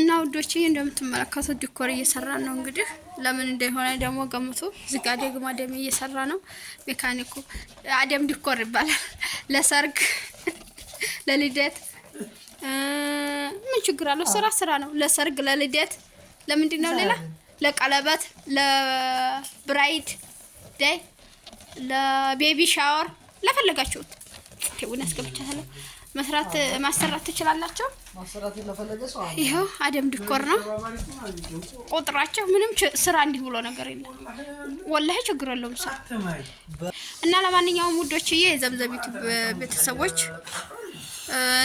እና ውዶች ይህ እንደምትመለከቱት ዲኮር እየሰራ ነው። እንግዲህ ለምን እንደሆነ ደግሞ ገምቱ። ዝጋ ደግሞ አደም እየሰራ ነው። ሜካኒኩ አደም ዲኮር ይባላል። ለሰርግ፣ ለልደት ምን ችግር አለው? ስራ ስራ ነው። ለሰርግ፣ ለልደት፣ ለምንድን ነው ሌላ ለቀለበት፣ ለብራይድ ዳይ፣ ለቤቢ ሻወር፣ ለፈለጋችሁት ቴቡን ያስገብቻለሁ። መስራት ማሰራት ትችላላችሁ። ይኸው አደም ድኮር ነው ቁጥራቸው። ምንም ስራ እንዲህ ብሎ ነገር የለም ወላሂ፣ ችግር የለውም ሰው እና ለማንኛውም ውዶችዬ የዘምዘም ቤተሰቦች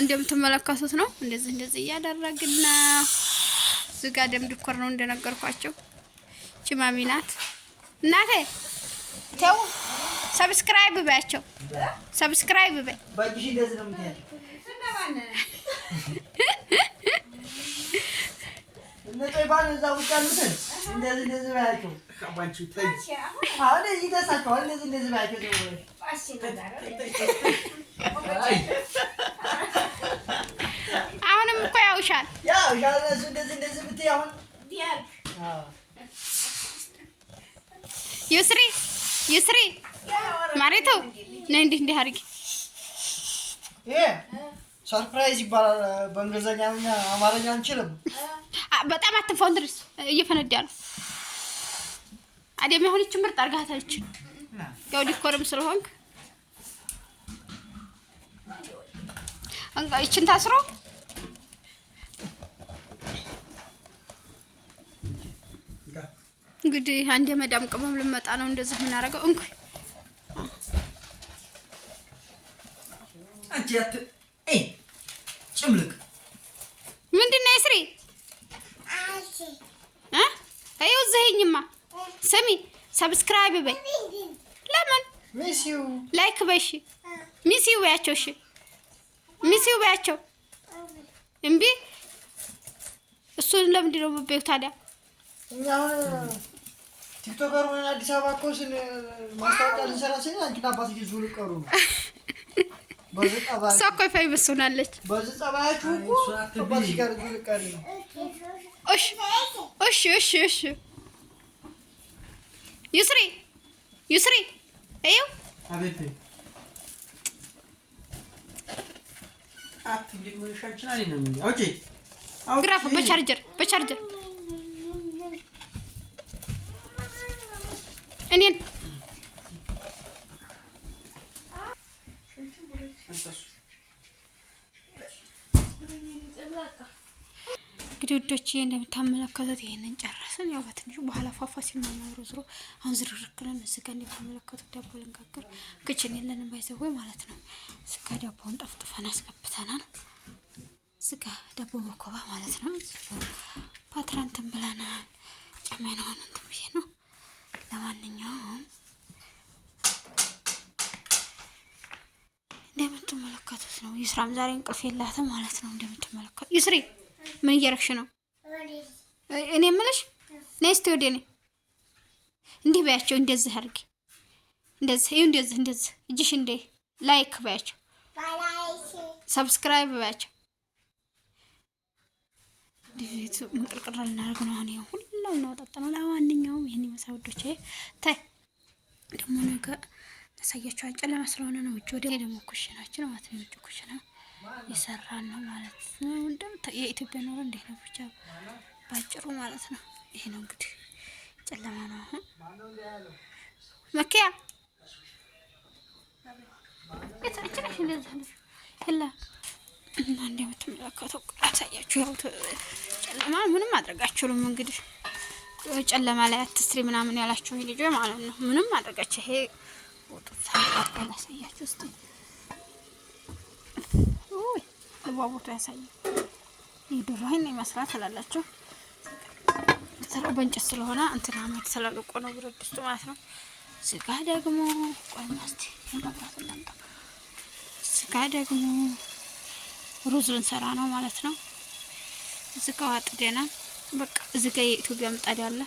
እንደምትመለከቱት ነው። እንደዚህ እንደዚህ እያደረግን ዝጋ አደም ድኮር ነው እንደነገርኳቸው። ችማሚ ናት እናቴ ተው ሰብስክራይብ በያቸው። ሰብስክራይብ በ አሁንም እኮ ያውሻል ዩስሪ ዩስሪ ተው ነይ፣ እንዲህ እንዲህ አድርጊ። ሰርፕራይዝ ይባላል በእንግሊዝኛ። አማርኛ አንችልም። በጣም አትንፋውን ድረስ እየፈነዳ ነው። አደም ያሁን ምርጥ አርጋታች ያው ዲኮርም ስለሆንክ ይችን ታስሮ እንግዲህ አንድ የመዳም ቅመም ልመጣ ነው። እንደዚህ የምናደርገው እንኳን ያት አይ ጭምልቅ ምንድን ነው የስሬ እ አይው ስሚ ሰብስክራይብ በይ ለምን ሚስዩ ላይክ በይ ሚስዩ በያቸው እሺ ሚሲው በያቸው እምቢ እሱን ለምንድን ነው የምትበይው ታዲያ ቲክቶክ ቲክቶከር ሆነን አዲስ አበባ እኮ ስን ማስታወቂያ ልንሰራ ስንል አንቺን አባት ነው እሷ እኮ የፋይበስ ሆናለች። እሺ እሺ እሺ ዩስሪ ዩስሪ ይኸው ግራፍ በቻርጀር በቻርጀር እኔን እንግዲህ ውዶች እንደምታመለከቱት ይህንን ጨረስን። ያው በትንሹ በኋላ ፏፏ ሲል ዝሮ አሁን ዝርርክለን እዚህ እንደተመለከቱት ዳቦ ልንጋግር ክችን የለን ባይዘው ማለት ነው። እዚህ ዳቦውን ጠፍጥፈን አስገብተናል። እዚህ ዳቦ መኮባ ማለት ነው። ፓትራንትን ብለናል። ጨመናውን እንትን ብዬ ነው። ለማንኛውም እንደምትመለከቱት ነው። ይስራም ዛሬ እንቅልፍ የላትም ማለት ነው። እንደምትመለከቱት ይስሪ፣ ምን እየረግሽ ነው? እኔ የምልሽ ነይ ወደ እኔ እንዲህ በያቸው። እንደዚህ አድርጊ፣ እንደዚህ ይሁ፣ እንደዚህ እንደዚህ እጅሽ እንደ ላይክ በያቸው፣ ሰብስክራይብ በያቸው። ቤቱ ምንቅርቅር ልናደርግ ነው አሁን። ሁሉም ነው ጠጠነው። ለማንኛውም ይህን የመሳወዶች ታይ ደግሞ ነገ ያሳያችሁ ጨለማ ስለሆነ ነው። ውጭ ወደ ደግሞ ኩሽናችን ማለት ነው። ውጭ ኩሽና ይሰራ ነው ማለት ነው። እንደምታ የኢትዮጵያ ኑሮ እንዴት ነው? ብቻ ባጭሩ ማለት ነው። ይሄ ነው እንግዲህ ጨለማ ነው። አሁን መኪያ የታችነሽ እንደዚህ ነው ላ እና እንደምትመለከተው ያሳያችሁ። ያው ጨለማ ምንም ማድረግ እንግዲህ ጨለማ ላይ አትስሪ ምናምን ያላችሁ ልጆ ማለት ነው። ምንም ማድረጋቸው ይሄ ወጡት ሳይቃጠል ያሳያችሁ እስኪ ውይ አዋቦቱ ያሳየ የዶሮ አይን ይመስላል ትላላችሁ። ስራው በእንጨት ስለሆነ እንትን አመት ስላልቆ ነው ብረት ድስቱ ማለት ነው። ስጋ ደግሞ ቆይ ማስቲ መብራት እናምጣ። ስጋ ደግሞ ሩዝ ልንሰራ ነው ማለት ነው። ስጋው አጥደናል። በቃ እዚህ ጋ የኢትዮጵያ ምጣድ አለ።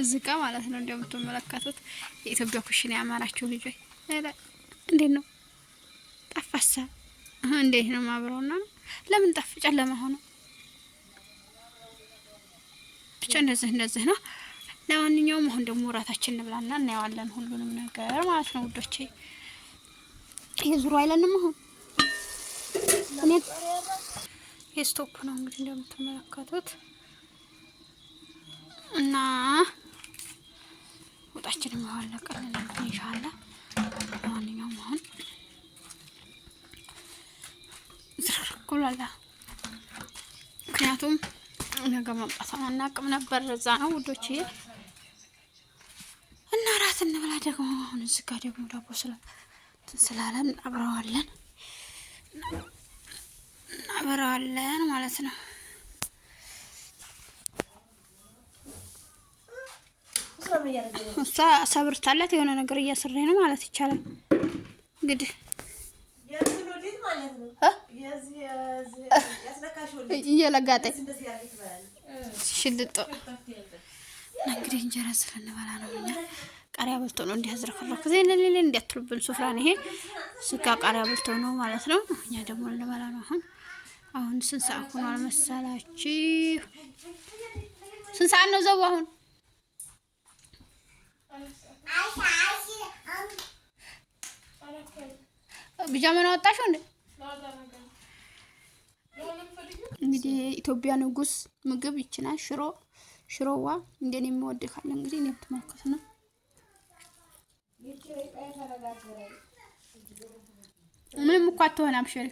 እዚህ ጋ ማለት ነው እንደምትመለከቱት የኢትዮጵያ ኩሽና ያማራችሁ ልጆች እንዴት ነው ጠፋሳ? እንዴት ነው ማብረውና ለምን ጠፍ ጨለማ ሆኖ ብቻ እንደዚህ እንደዚህ ነው። ለማንኛውም አሁን ደግሞ እራታችን እንብላና እናየዋለን ሁሉንም ነገር ማለት ነው ውዶቼ። ይሄ ዙሩ አይለንም። አሁን እኔ የስቶፕ ነው እንግዲህ እንደምትመለከቱት እና አድርገዋለሁ። ቀለል እንሻላ ለማንኛውም አሁን ዝርርኩላላ ምክንያቱም ነገ መምጣት አናቅም ነበር። እዛ ነው ውዶች እና ራት እንብላ። ደግሞ አሁን እዚህ ጋ ደግሞ ዳቦ ስላለን አብረዋለን አብረዋለን ማለት ነው። ሰብርታለት የሆነ ነገር እያሰራ ነው ማለት ይቻላል። እንግዲህ እየለጋጠኝ ሽልጦ እንግዲህ እንጀራ ስለንበላ ነው። እኛ ቃሪያ በልቶ ነው እንዲህ አዝረከረኩ ዜ ለሌለ እንዲያትሉብን ሱፍራን ይሄ ስጋ ቃሪያ በልቶ ነው ማለት ነው። እኛ ደግሞ ልንበላ ነው አሁን አሁን ስንት ሰዓት ሆኗል መሰላችሁ? ስንት ሰዓት ነው ዘቡ አሁን ብጃመና ወጣሽው እንዴ? እንግዲህ ኢትዮጵያ ንጉስ ምግብ ይችናል። ሽሮ ሽሮዋ እንደኔ የሚወድ ካለ እንግዲህ እኔ ብትሞክት ነው። ምንም እኮ አትሆን አብሽሪ።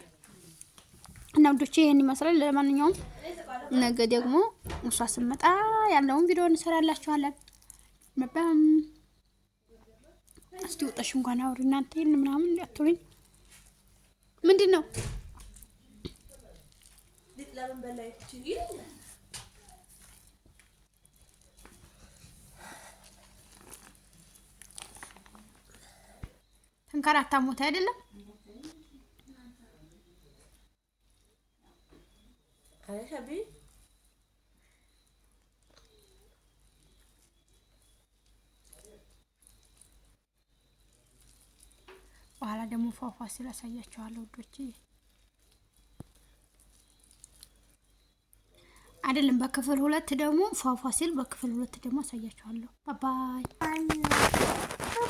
እና ውዶቼ ይህን ይመስላል። ለማንኛውም ነገ ደግሞ እሷ ስመጣ ያለውን ቪዲዮ እንሰራላችኋለን። መባን እስቲ ወጣሽ እንኳን አውሪ እናንተ ይህን ምናምን እንዳትሉኝ። ምንድን ነው ተንከራታ ሞታ አይደለም አይ በኋላ ደግሞ ፏፏ ሲል አሳያችኋለሁ ውዶች። አይደለም በክፍል ሁለት ደግሞ ፏፏ ሲል በክፍል ሁለት ደግሞ አሳያችኋለሁ። ባባይ